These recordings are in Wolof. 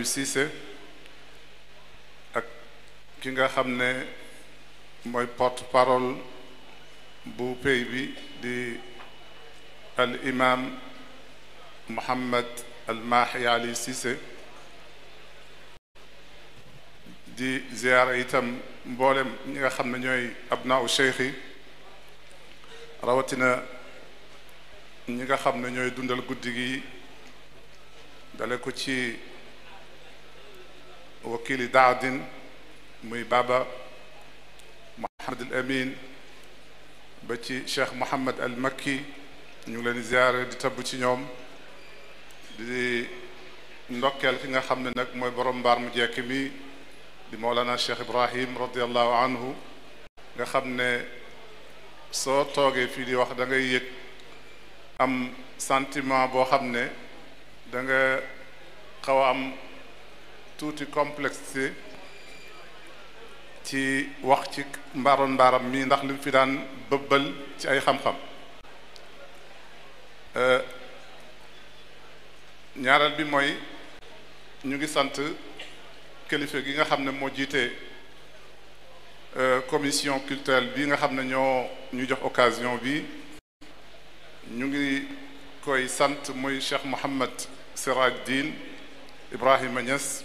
yu Cissé ak ki nga xam ne porte parole bu pays bi di al imam Mohammed al Mahi Ali Cissé di ziyaara itam mboolem ñi nga xam ne ñooy abnaa rawatina ñi nga xam ne dundal guddi gi dale ko ci wakili daadin muy baba Mohamed El Amin ba ci Cheikh Mohamed Al Makki ñu ngi leen di ziare di tabb ci ñoom di ndokkeel ki nga xam ne nag mooy borom mbaar mu jekk mi di Mawlana Cheikh Ibrahim radiallahu anhu nga xam ne soo toogee fii di wax da ngay yëg am sentiment boo xam ne da nga xaw a am tuuti complexité ci wax ci mbaron mbaaram mi ndax li fi daan bëbbal ci ay xam-xam euh, ñaaral bi mooy ñu ngi sant kilifa gi nga xam ne moo jiite euh, commission culturelle bi nga xam ne ñoo ñu jox occasion bi ñu ngi koy sant muy Cheikh mohammed Siraj Din Ibrahima Niass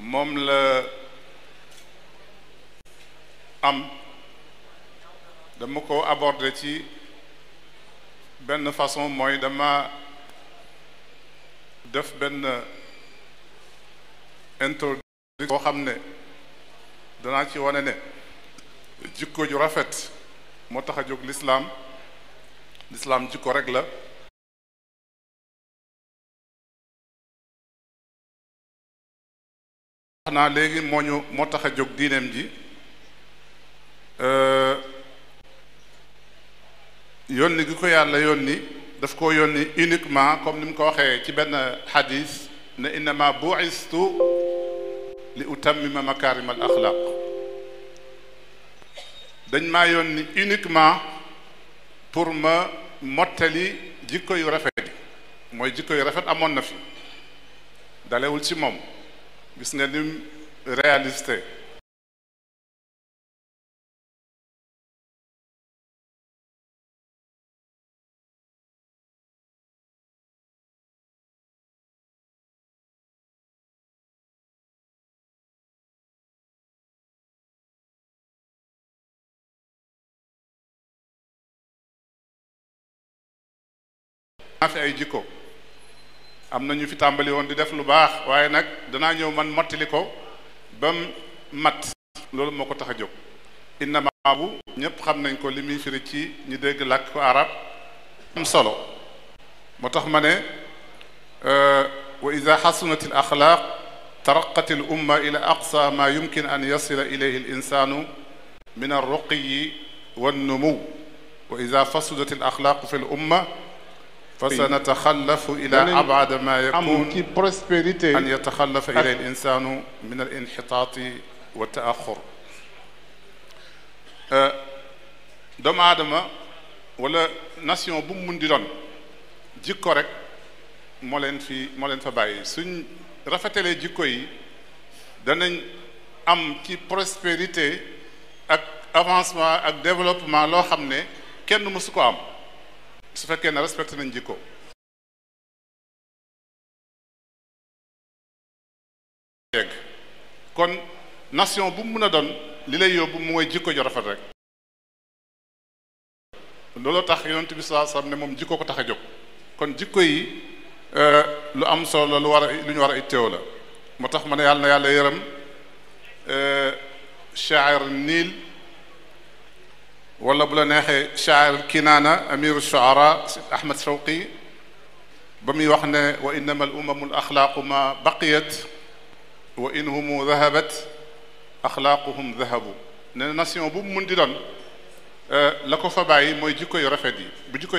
moom la am dama ko aborder ci benn façon mooy dama def benn introduction koo xam ne danaa ci wane ne jikko ju rafet moo tax a jóg lislaam lislaam jikko rek la xana legi moñu mo taxa jóg dinem ji yónni gi ko yàlla yónni daf ko yónni uniquement comme nim ko waxe ci benn xadis ne innama bu'istu li utammima makarim al akhlaq dañ ma yónni uniquement pour ma motali jikko yu rafet moy jikko yu rafet amon na fi dalewul ci mom gis nga nim réalisté maa fi ay jikko amna ñu fi tàmbali won di def lu baax waye nak dana ñëw man mottali bam mat lolu moko taxa tax a jóg innama bu ñep xam nañ ko limi firi ci ñu deg lak ko arab am solo motax mané euh wa iza xasunat al akhlaq taraqat al umma ila aqsa ma yumkin an yasila ilayhi al insanu min ar wan numu wa iza fasudat al akhlaq fi al umma فسنتخلف الى ابعد ما يكون ان يتخلف الى الانسان من الانحطاط والتاخر أه، دم ادم ولا ناسيون بوم مندي دون جيكو رك مولين في مولين فباي سن رافاتلي جيكو يي دانن ام كي بروسبيريتي اك افانسمون اك ديفلوبمون لو خامني كين مسوكو ام su fekkee ne respecté nañ jikko yegg kon nation bu mu mën a doon li lay yóbbu mooy jikko ju rafet rek looloo tax yonent bi saa sam ne moom jikko ko tax a jóg kon jikko yi euh, lu am solo la lu war lu ñu war a itteew la moo tax ma ne yàlla na yàlla yërëm euh, shaa'ir niil ولا بلا ناحي شاعر كنانة أمير الشعراء أحمد شوقي بمي وحنا وإنما الأمم الأخلاق ما بقيت وإنهم ذهبت أخلاقهم ذهبوا ننسي أبو منديرا آه، لكوفا باي يجيكو يرفدي بجيكو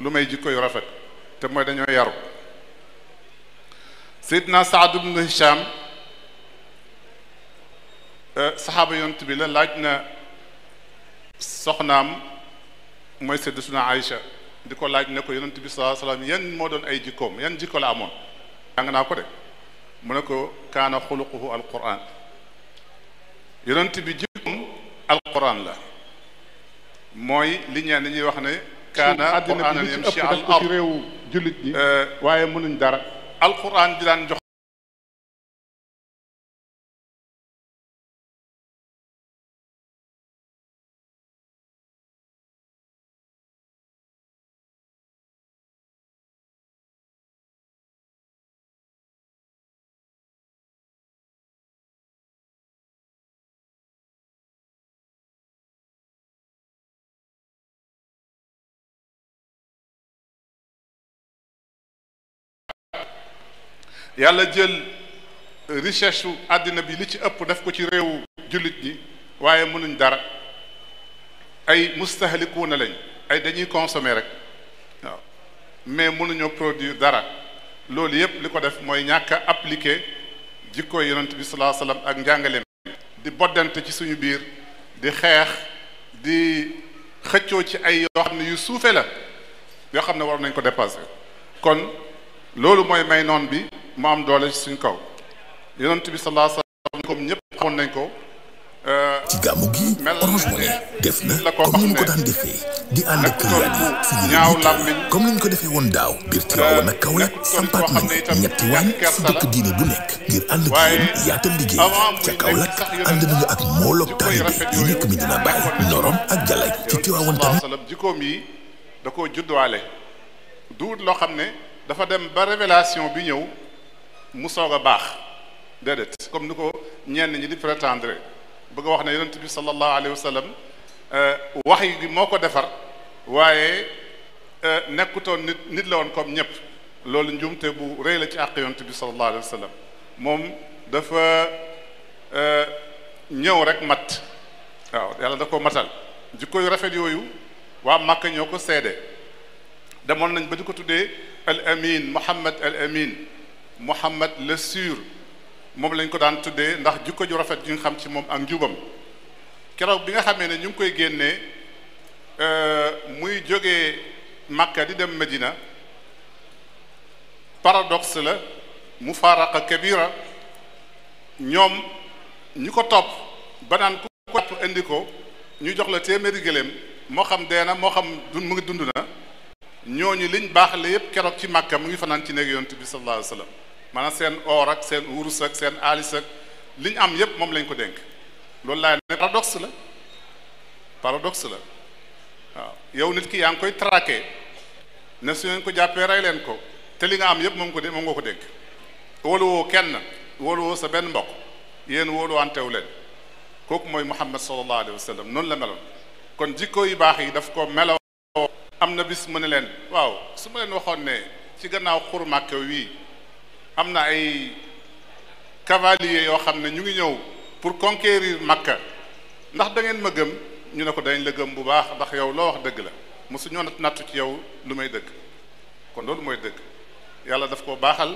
lu may jikko yu rafet te mooy dañoo yaru Seydina Saad ibn Hisham saxaaba yont bi la laaj na soxnaam mooy Sayyidatuna Aïcha di ko laaj ne ko yonent bi sallallahu alayhi wasallam yan moo doon ay jikkoom yan jikko la amoon jàng naa ko de mu ne ko kaana xuluquhu alquran yonent bi jikkoom alquran la mooy li ñeen ñuy wax ne كان القرآن يمشي على الأرض. آه، القرآن دلان جو yàlla jël richesse su àddina bi li ci ëpp def ko ci réewu jullit ñi waaye mënuñ dara ay na lañ ay dañuy consommer rek waaw mais mënuñoo produire dara loolu yépp li ko def mooy ñàkk a appliquer jikko yonent bi sallallahu alayhi ak njàngaleem di boddante ci suñu biir di xeex di xëccoo ci ay yoo xam ne yu suufe la yoo xam ne war nañ ko dépasser kon loolu mooy may noon bi mam am doole ci suñ kaw yonent bi sallallahu alayhi wa sallam comme ñëpp xamoon nañ ko. Euh, ci gamu gi Orange Money def na comme ni ko daan defé di ànd ak client yi ñu comme ni ñu ko won daw bir biir euh, Tiwaawan ak Kaolack sampaat nañu ñetti waañ si dëkk diine bu nekk ngir ànd ak yéen yaatal liggéey ca Kaolack ànd nañu ak molok taalibe yi nekk mi dina bàyyi norom ak jalañ ci Tiwaawan tamit. jikkoom yi da koo juddwaale duut lo xamné dafa dem ba révélation bi ñew mu soog a baax comme niko ñen ñi di prétendre bëgg wax na yonent bi sallallahu alayhi wasallam euh wax yi moko défar wayé euh waaye nit nit la won comme ñep lolu njumte bu reey la ci ak yonent bi sallallahu alayhi wasallam mom dafa euh ñëw rek mat waaw yàlla da ko matal jikko yu rafet yoyu wa Màkka ñoko sédé seede nañ ba diko tuddé al amin Muhammad al amin Mouhamed la Sûr moom lañ ko daan tuddee ndax jikko ju rafet ñu xam ci moom ak njubam keroog bi nga xamee ne ñu ngi koy génnee euh, muy jógee Makka di dem Medina paradoxe la mu faaraqa kabira ñoom ñu ko topp ba naan ku ko indi ko ñu jox la téeméeri gëléem moo xam dee na moo xam du mu ngi dund na ñooñu liñ baax la yépp keroog ci Makka mu ngi fanaan ci néeg yonent bi sallallahu alayhi wa maanaam seen or ak seen wurus ak seen aalis ak li am yépp moom lañ ko dénk loolu laay ne paradoxe la paradoxe la waaw yow nit ki yaa ngi koy traqué ne su ngeen ko jàppee rey leen ko te li nga am yépp moom ko moom nga ko dénk wóoluwoo kenn wóoluwoo sa benn mbokk yéen wóoluwantew leen kooku mooy Muhammad sallallahu alayhi wa sallam noonu la meloon kon jikko yi baax yi daf ko meloo am na bis mu ne leen waaw su ma leen waxoon ne ci gannaaw xurmàkke yi am na ay cavalier yoo xam ne ñu ngi ñëw pour conquérir Makka ndax da ngeen ma gëm ñu ne ko dañ la gëm bu baax ndax yow loo wax dëgg la mosu ñoo nattu ci yow lu may dëgg kon loolu mooy dëgg yàlla daf ko baaxal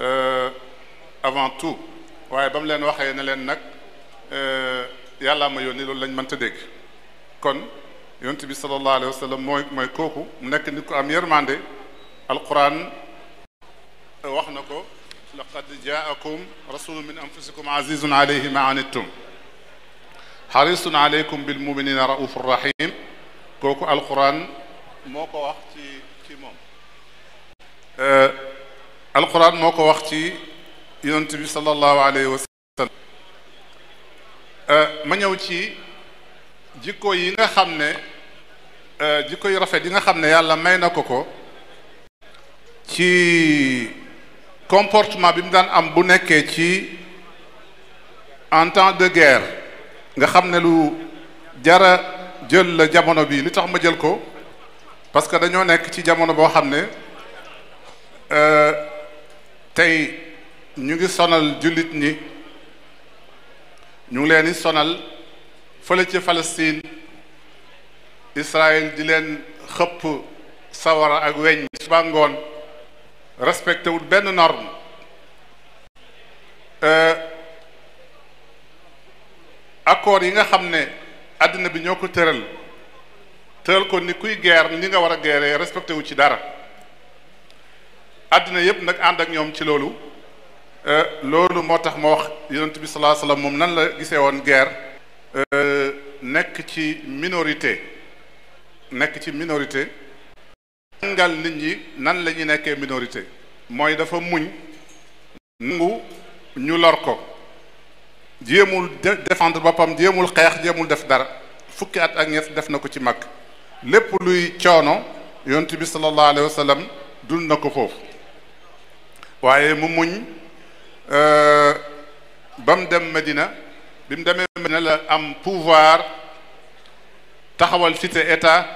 euh, avant tout waaye ba mu leen waxee ne leen nag euh, yàllaa ma yoon yónni loolu lañ mënta dégg kon yonent bi sallallahu alayhi mooy mooy kooku nekk nit ko am yërmande alquran وحنكو لقد جاءكم رسول من أنفسكم عزيز عليه ما عنتم حريص عليكم بالمؤمنين رؤوف الرحيم كوكو القرآن موكو وقتي كيموم أه، القرآن موكو وقتي ينتبه صلى الله عليه وسلم أه، من يوتي جيكو ينغا خمنا أه جيكو يرفع دينغا خمنا يالا ماينا كوكو تي comportement bi mu daan am bu nekkee ci en temps de guerre nga xam ne lu jara jël la jamono bi li tax ma jël ko parce que dañoo nekk ci jamono boo xam ne euh, tey ñu ngi sonal jullit ñi ñu ngi leen sonal fële ci Palestine Israël di leen xëpp sawara ak weñ suba ngoon respecté wul benn norme euh, accord yi nga xam ne àddina bi ñoo ko tëral tëral ko ni kuy guerre ni nga war a guerre respecté wu ci dara àddina yëpp nag ànd ak ñoom ci loolu euh, loolu moo tax ma wax yonent bi sallallahu alayhi moom nan la gisee woon guerre euh, nekk ci minorité nekk ci minorité jàngal nit ñi nan la ñuy nekkee minorité mooy dafa muñ nangu ñu lor ko jéemul défendre boppam jéemul xeex jéemul def dara fukki at ak ñett def na ko ci mag lépp luy coono yonent bi sallallahu alayhi wa dund na ko foofu waaye mu muñ euh, ba mu dem Medina bi mu demee Medina la am pouvoir taxawal cité état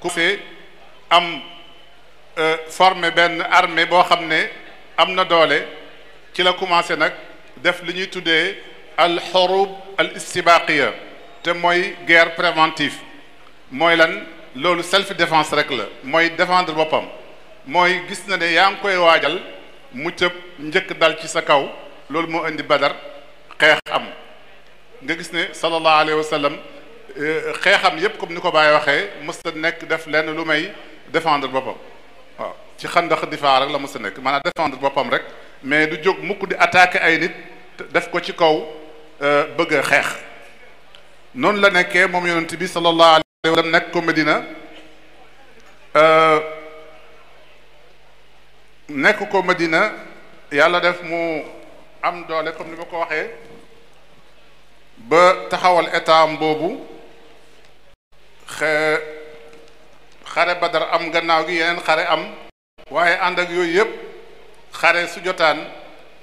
ku am euh, formé benn armée boo xam ne am na doole ci la commencé nag def li ñuy tuddee al xurub al te mooy guerre préventive mooy lan loolu self defence rek la mooy défendre boppam mooy gis na ne yaa ngi koy waajal mu tëb njëkk dal ci sa kaw loolu moo indi badar xeex am nga gis ne sallallahu alayhi wa sallam euh, xeexam yépp comme ni ko Baye waxee mës ta nekk def lenn lu may défendre bopam waaw ci xandax difa rek la mos a nekk maanaam défendre bopam rek mais du jóg mukk di attaquer ay nit def ko ci kaw bëgg a xeex noonu la nekké mom yonent bi sallallahu alayhi wa sallam nekk ko Medina euh nek ko Medina yàlla def mu am doole comme nima ko waxé ba taxawal état bobu xe xare badar am gannaaw gi yeneen xare am waaye ànd ak yooyu yëpp xare su jotaan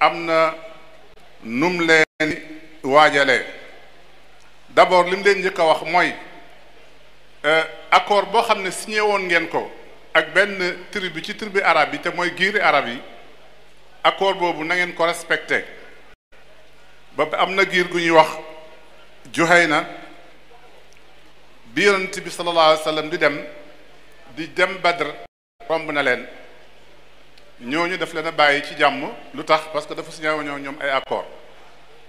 am na num leen waajalee d'abord lim mu leen njëkk a wax mooy euh, accord boo xam ne signé woon ngeen ko ak benn tribu ci tribu arab yi te mooy giiri arab yi accord boobu nangeen ko respecté ba am na giir gu ñuy wax Juhayna bi yonent bi sallallahu alayhi wa sallam di dem di dem Badr romb na leen ñoo ñu daf leen a bàyyi ci jàmm lu tax parce que dafa signé woon ñoom ay accord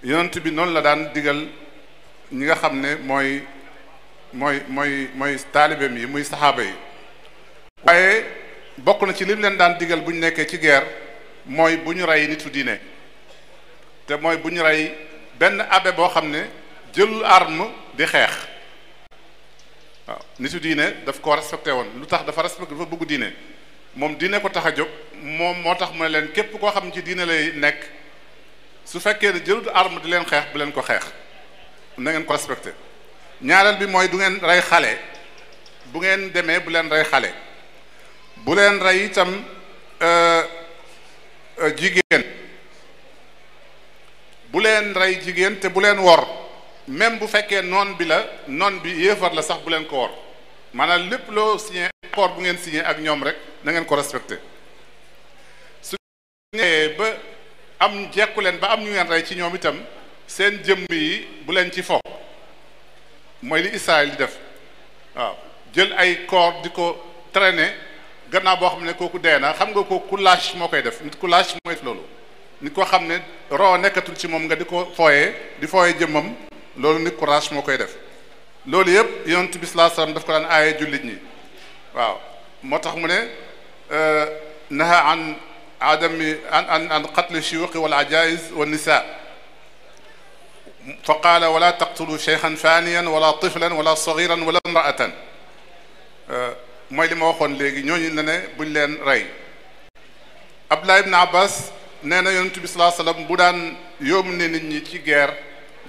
yonent bi noonu la daan digal ñi nga xam ne mooy mooy mooy mooy taalibeem yi muy saxaaba yi waaye bokk na ci lim leen daan digal bu ñu nekkee ci guerre mooy bu ñu rey nitu diine te mooy buñu ñu rey benn abe boo xam ne jël arme di xeex waaw nitu diine daf koo respecté woon lu tax dafa respecté dafa bëgg diine moom diine ko tax a jóg moom moo tax mu ne leen képp koo xam ci diine lay nekk su fekkee ne jëlut arme di leen xeex bu leen ko xeex nangeen ko respecté ñaareel bi mooy du ngeen rey xale bu ngeen demee bu leen rey xale bu leen rey itam euh, euh, jigéen bu leen rey jigéen te bu leen wor même bu fekkee noon bi la noon bi yéefar la sax bu leen ko wor maanaam lépp loo signé accord bu ngeen signé ak ñoom rek na ngeen ko respecté su ñëwee ba am jekku leen ba am ñu ngeen rey ci ñoom itam seen jëm yi bu leen ci fo mooy li Israël di def waaw jël ay corps di ko traîner gannaaw boo xam ne kooku dee na xam nga ko ku lâche moo koy def nit ku lâche mooy loolu nit koo xam ne roo nekkatul ci moom nga di ko fooyee di fooyee jëmmam loolu nit courage moo koy def loolu yëpp yonent bi sallallahu alayhi wasallam daf ko daan aaye jullit ñi waaw moo tax mu ne naha an adami an an an qatli shuyuuqi wal ajaa'iz wa nisaa fa qaala wala taqtulu shaykhan faaniyan wala tiflan wala saghiran wala imra'atan mooy li ma waxoon léegi ñooñu ne ne buñ leen rey Abdullah ibn Abbas nee na yonent bi sallallahu alayhi wasallam bu daan yóbbu ne nit ñi ci guerre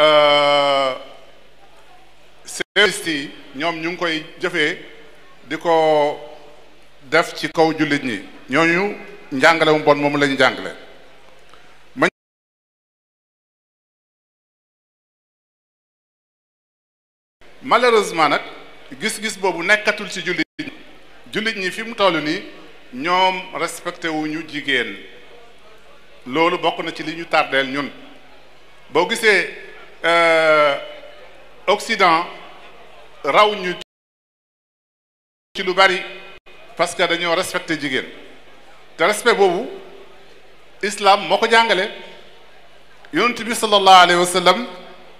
Euh, service yi ñoom ñu ngi koy jëfee di ko def ci kaw jullit ñi ñooñu njàngale mu bon moom lañu ñu jàngale ma malheureusement nag gis-gis boobu nekkatul ci jullit ñi ñi fi mu toll nii ñoom respecté wu ñu jigéen loolu bokk na ci li ñu tardeel ñun boo gisee Euh, Occident raw ñu ci lu bari parce que dañoo respecté jigéen te respect boobu islaam moo ko jàngale yonent bi sallallahu alayhi wa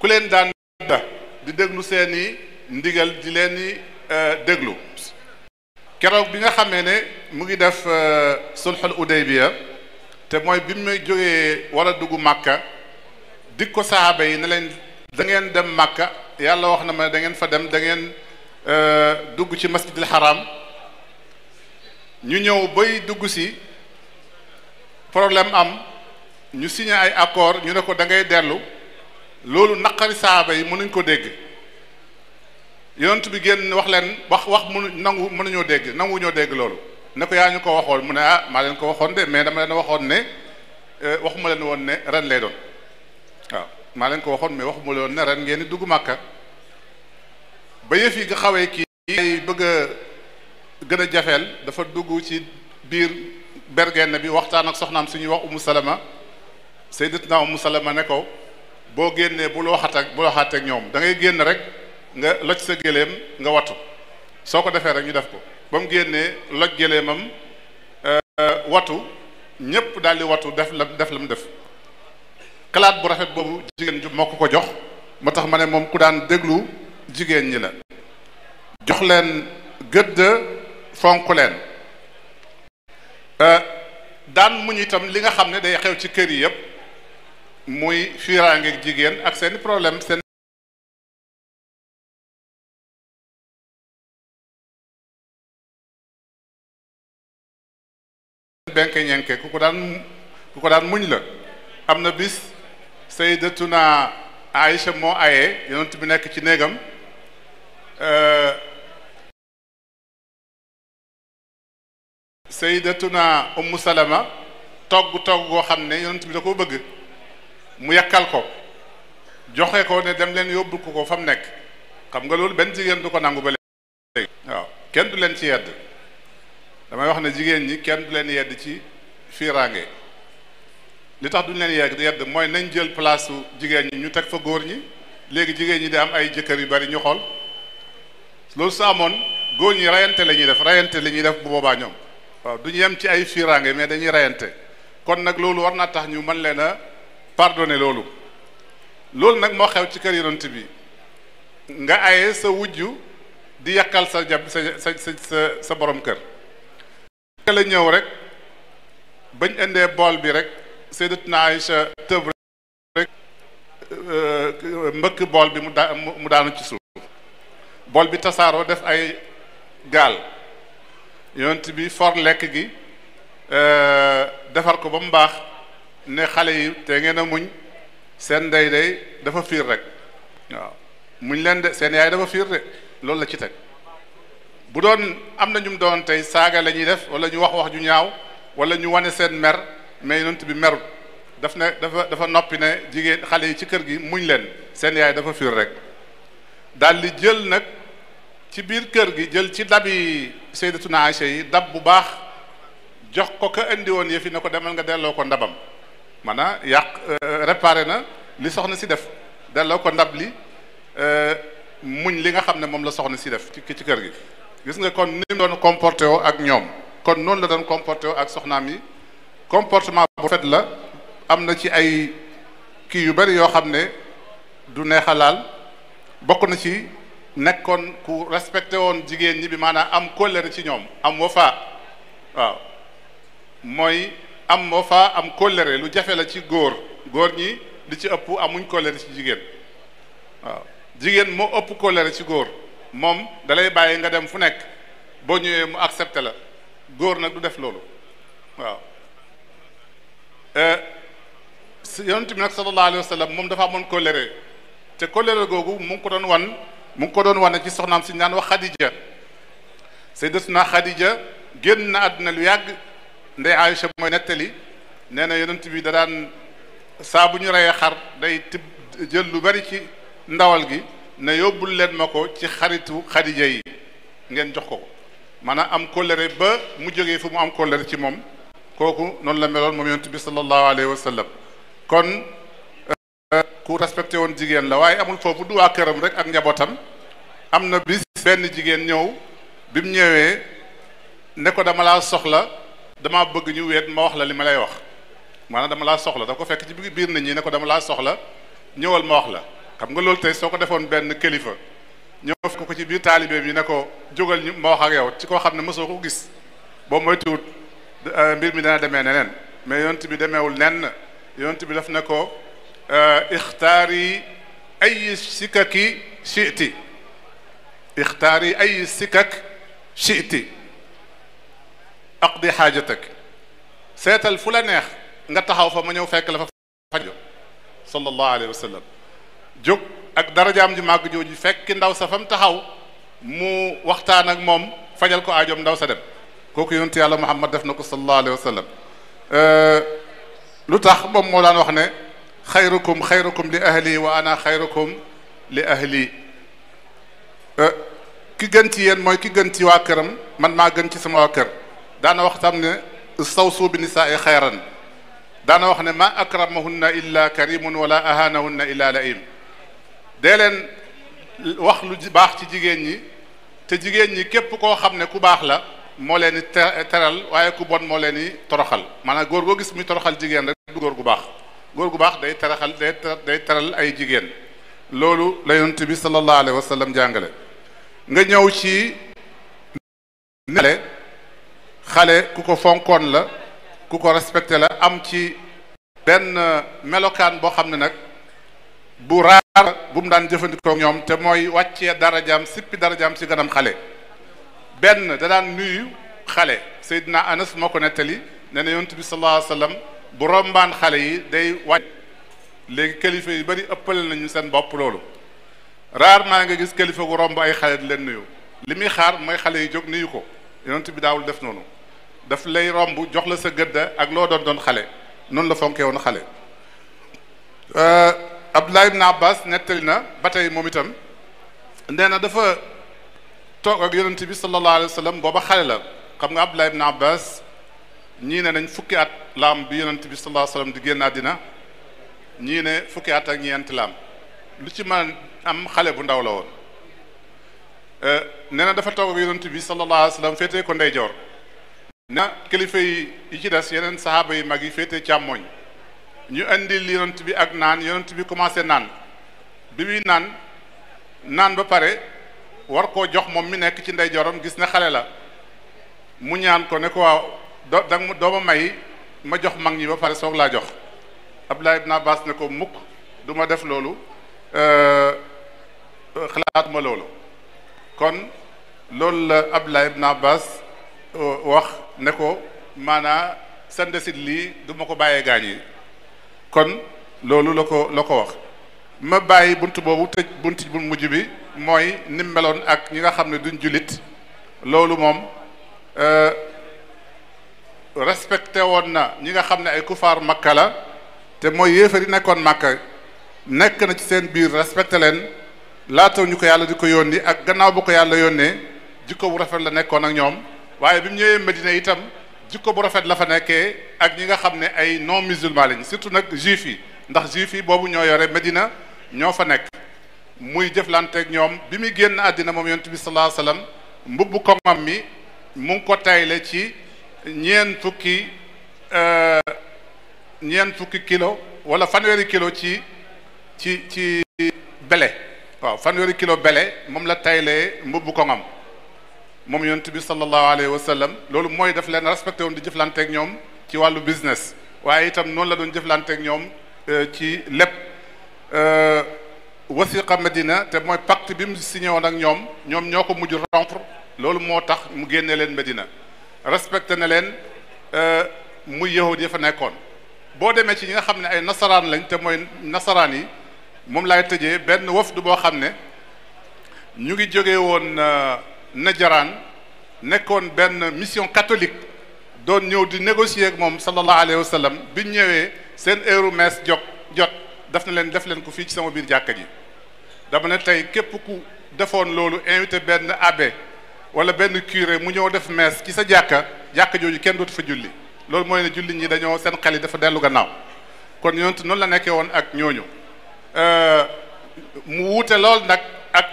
ku leen daan da di déglu seeni ndigal di leen di euh, déglu keroog bi nga xamee ne mu ngi def euh, sulxul Udaybiya te mooy bi mu jógee war a dugg Màkka dik ko saaba yi na leen da ngeen dem màkka yàlla wax na ma da ngeen fa dem da ngeen euh, dugg ci masjidil haram ñu ñëw bay dugg si problème am ñu signé ay accord ñu ne ko da ngay dellu loolu naqari saaba yi mënuñ ko dégg yonent bi génn wax leen wax wax mënu nangu mënuñoo dégg nangu ñoo dégg loolu ne yaa ñu ko waxoon mu ne ah maa leen ko waxoon de mais dama leen waxoon ne euh, waxuma leen woon ne ren lay doon waaw maa leen ko waxoon mais waxuma loon ne ren ngeen di dugg màkka ba yëf yi nga xawee kii ay bëgg a gën a jafeel dafa dugg ci biir bergenne bi waxtaan ak soxnaan su ñuy wax umu salama sayyidatna umu salama ne ko boo génnee bul waxat ak bul waxaat ak ñoom da ngay génn rek nga loj sa géléem nga wattu soo ko defee rek ñu def ko ba mu génnee loj géléemam euh, wattu ñépp daal di wattu def la def la mu def kalaat bu rafet boobu jigéen ju moo ko ko jox moo tax ma ne moom ku daan déglu jigéen ñi la jox leen gëdd fonk leen euh, daan muñ itam li nga xam ne day xew ci kër yi yépp muy fiiraangeeg jigéen ak seeni problème seen benke ñenke ku ko daan ku ko daan muñ la am na bis sayyidatuna Aïcha moo aye yonent bi nekk ci néegam euh, sayyidatuna ummu salama togg togg goo xam ne yonent bi da koo bëgg mu yakkal ko joxe ko ne dem leen yóbbu ko ko fa mu nekk xam nga loolu benn jigéen du ko nangu ba léegi waaw kenn du leen ci yedd damay wax ne jigéen ñi kenn du leen yedd ci fiiraange li tax duñ leen di yedd mooy nañ jël place su jigéen ñi ñu teg fa góor ñi léegi jigéen ñi di am ay jëkkër yu bari ñu xool loolu su amoon góor ñi rayante la ñuy def rayante la ñuy def bu boobaa ñoom waaw duñu yem ci ay fiiraange mais dañuy reyante kon nag loolu war naa tax ñu mën leen a pardonner loolu loolu nag moo xew ci kër yonent bi nga aye sa wujju di yàqal sa jab sa sa sa sa boroom kër la ñëw rek bañ indee bool bi rek Sayyidatuna Aïcha tëb euh, mbëkk bool bi mu mu daanu ci suuf bool bi tasaaroo def ay gaal yonent bi for lekk gi euh, defar ko ba mu baax ne xale yi te ngeen muñ seen ndey day dafa fiir rek waaw muñ leen de seen yaay dafa fiir de loolu la ci teg bu doon am na ñu mu doon tey saaga la ñuy def wala ñu wax wax ju ñaaw wala ñu wane seen mer mais yonent bi merut daf na dafa dafa noppi ne jigéen xale yi ci kër gi muñ leen seen yaay dafa fiir rek daal di jël nag ci biir kër gi jël ci dab dabi Sayyidatuna Aïcha yi dab bu baax jox ko ko indi woon yëfi ne ko demal nga delloo ko ndabam maanaam yàq euh, réparé na li soxna si def delloo ko ndab li euh, muñ li nga xam ne moom la soxna si def ci ci kër gi gis nga kon ni mu doon comporté woo ak ñoom kon noonu la doon comporté woo ak soxnaam yi comportement bu rafet la am na ci ay kii yu bari yoo xam ne du neexalaal bokk na ci nekkoon ku respecté woon jigéen ñi bi maanaam am kóllëre ci ñoom am wafa waaw mooy am wafa am kóllëre lu jafe la ci góor góor ñi di ci ëpp amuñ kóllëre ci jigéen waaw jigéen moo ëpp kóllëre ci góor moom dalay bàyyi nga dem fu nekk boo ñëwee mu accepté la góor nag du def loolu waaw Eh, yonent bi nag sallallahu alayhi wa sallam moom dafa amoon kóllëre te kóllëre googu mu ngi ko doon wan mu ngi ko doon wane ci soxnaam si ñaan wax Xadija Sayyidatuna Xadija génn na àdduna lu yàgg ndey Aïcha mooy nettali nee na yonent bi da daan saa bu ñu reyee xar day tib jël lu bari ci ndawal gi ne yóbbul leen ma ko ci xaritu Xadija yi ngeen jox ko ko maanaam am kóllëre ba mu jógee fu mu am kóllëre ci moom kooku noonu la meloon moom yonent bi sallallahu alayhi wa sallam kon euh, ku respecté woon jigéen la waaye amul foofu du waa këram rek ak njabootam am na bi seen jigéen ñëw bi mu ñëwee ne ko dama laa soxla dama bëgg ñu weet ma wax la li ma lay wax maanaam dama laa soxla da ko fekk ci biir nit ñi ne ko dama laa soxla ñëwal ma wax la xam nga loolu tey soo ko defoon benn kilifa ñëw fekk ko ci biir taalibe bi ne ko jógal ñu ma wax ak yow ci koo xam ne mosoo ko gis boo moytuwut mbir mi dana demé nenen mais yonent bi demeewul nen yonent bi daf nako ko ixtaari ay sikak shi'ti ikhtari ay sikak shi'ti aqdi hajatak setal fula la neex nga taxaw fa ma ñëw fekk la fa fajo sallallahu alayhi wasallam sallam jóg ak darajaam ju mag jooju fekk ndaw sa fam taxaw mu waxtaan ak mom fajal ko aajoom ndaw sa dem koku yonent yàlla Muhammad def nako sallallahu alayhi wasallam euh lutax mom mo moo wax ne xayrukum xayrukum li ahli wa ana xayrukum li ahli euh ki gën ci yéen moy ki gën ci wa këram man ma gën ci sama wa kër dana wax tam ne istawsu bi nisaai xayran dana wax ne ma akramahunna illa karimun wala ahanahunna illa laim de len wax lu bax ci jigen ñi te jigen ñi kep ko xamne ku bax la moo leen di teral waaye ku bon moo leen di toroxal maanaam góor goo gis muy toroxal jigéen rek du góor gu baax góor gu baax day teraxal day day teral ay jigéen loolu la yonent bi sallallahu alayhi wa sallam jàngale nga ñëw ci xale xale ku ko fonkoon la ku ko respecté la am ci benn melokaan boo xam ne nag bu raar bu mu daan jëfandikoo ñoom te mooy wàccee darajaam sippi darajaam ci ganam xale ben da dan nuyu xale Seydina Anas moko netali nettali nee na bi sallallahu alayhi wasallam bu romban xale yi day wàññ legi kalifa yi bari eppal nañu seen bopp loolu rarement nga gis kalifa gu romb ay xale len nuyu limi xaar moy xale yi jóg nuyu ko yonent bi dawul def nonu daf lay romb jox la sa gëdda ak lo don don xale non la fonké won xale Abdullah ibn Abbas netalina batay momitam tey dafa tok ak yaronte bi sallallahu alayhi wasallam sallam booba xale la xam nga Abdullah ibn Abbas ñi ne nañ fukki at lam bi yaronte bi sallallahu alayhi wasallam di génn adina ñi ne fukki at ak ñent lam lu ci man am xale bu ndaw la won euh neena dafa tok ak yaronte bi sallallahu alayhi wasallam fete ko ndey jor na kilifa yi yi ci dess yenen sahaba yi magi fete chamoy ñu andi li yaronte bi ak naan yaronte bi commencé naan bi wi naan naan ba pare war koo jox moom mi nekk ci ndeyjooram gis na xale la mu ñaan ko ne ko waaw do danga doo ma may ma jox mag ñi ba pare soog laa jox Abdullah ibn baas ne ko mukk duma def loolu euh, ma loolu kon loolu la Abdullah ibn Abbas euh, wax ne ko maanaa sa ndesit lii duma ko bàyyee gaañ yi kon loolu la ko la ko wax ma bàyyi bunt boobu tëj bunt bu mujj bi mooy ni meloon ak ñi nga xam ne duñ jullit loolu moom euh, respecté woon na ñi nga xam ne ay kufaar makka la te mooy yéefar yi nekkoon makka nekk na ci seen biir respecté leen laata ñu ko yàlla di ko yónni ak gannaaw bu ko yàlla yónnee jikko bu rafet la nekkoon ak ñoom waaye bi mu ñëwee Medina itam jikko bu rafet la fa nekkee ak ñi nga xam ne ay non musulman lañ surtout nag juif yi ndax juif yi boobu ñoo yore Medina ñoo fa nekk. muy jëflanteeg ñoom bi muy génn àddina moom yonent bi sallallahu alayhi wasallam mbubbu koŋam mi mu ko tayle ci ñeen fukki euh, ñeen fukki kilo wala fanweeri kilo ci ci ci bele waaw fanweeri kilo bele moom la taylee mbubbu koŋam moom yonent bi sallallahu alayhi wasallam loolu mooy daf leen respecté woon di jëflanteeg ñoom ci wàllu business waaye itam noonu la doon jëflanteek ñoom euh, ci lépp euh, wasiqa Medina te mooy pacte bi mu signé woon ak ñoom ñoom ñoo ko mujj rompre loolu moo tax mu génnee leen Medina respecté na leen euh, muy yahud yi fa nekkoon boo demee ci ñi nga xam ne ay nasaraan lañ te mooy nasaraan yi moom laay tëjee benn wafdu boo xam ne ñu ngi jóge woon euh, Najaraan nekkoon benn mission catholique doon ñëw di négocier ak moom sallallahu alayhi wa bi ñëwee seen heure messe jot jot daf na leen def leen ko fii ci sama biir jàkka ji dama ne tey képp ku defoon loolu invité benn abbé wala benn curé mu ñëw def mees ci sa jàkka jàkka jooju kenn dootu fa julli loolu mooy ne julli ñi dañoo seen xel yi dafa dellu gannaaw kon yonent noonu la nekkee woon ak ñooñu euh, mu wuute lool nag ak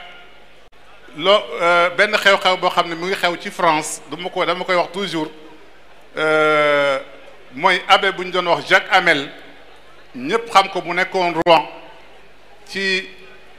loo euh, benn xew-xew boo xam ne mu ngi xew ci France du ma ko dama koy wax toujours euh, mooy abbé bu ñu doon wax Jacques amel ñëpp xam ko mu nekkoon Rouen ci.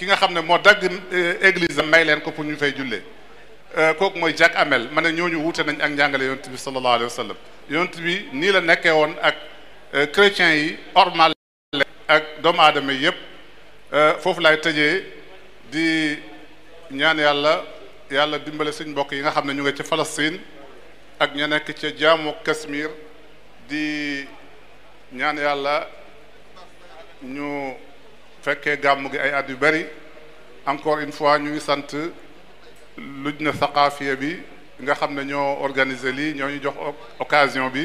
ki nga xam ne moo dagg euh, église may leen ko pour ñu fay jullee euh, kooku mooy Jacques Amel ma ne ñu wuute nañ ak njàngale yonent bi sallallahu alayhi wa bi nii la nekkee woon ak euh, chrétiens yi ormal ak doomu aadama yi yëpp foofu laay tëjee di ñaan yàlla yàlla dimbale suñ mbokk yi nga xam ne ñu nga ci Palestine ak ña nekk ca jaamu Kashmir di ñaan yàlla ñu fekke gàmm gi ay addu bari encore une fois ñuy sante lujna luj bi nga xamne ño organiser li ño ñu jox occasion bi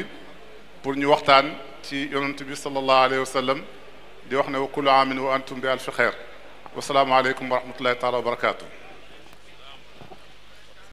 pour ñu waxtaan ci yonent bi sallallahu alayhi wasallam di wax ne wa kullu amin wa antum bi alf khair wa assalamu alaykum wa rahmatullahi taala wa barakatuh